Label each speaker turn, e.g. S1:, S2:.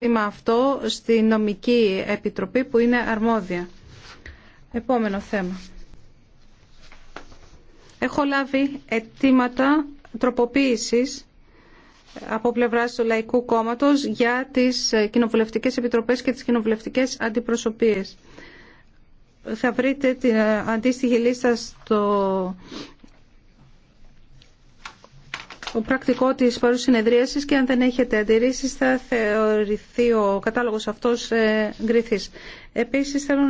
S1: ζήτημα αυτό στη νομική επιτροπή που είναι αρμόδια. Επόμενο θέμα. Έχω λάβει αιτήματα τροποποίησης από πλευράς του Λαϊκού Κόμματος για τις κοινοβουλευτικές επιτροπές και τις κοινοβουλευτικές αντιπροσωπείες. Θα βρείτε την αντίστοιχη λίστα στο ο πρακτικό της παρούς συνεδρίασης και αν δεν έχετε αντιρρήσεις θα θεωρηθεί ο κατάλογος αυτός ε, γκριθής. Επίσης θέλω